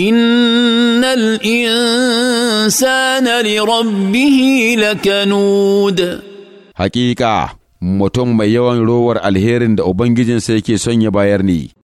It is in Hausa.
ان الانسان لربه لكنود حقيقه mutum mai yawan rowar alherin da ubangijinsa yake son ya bayar ne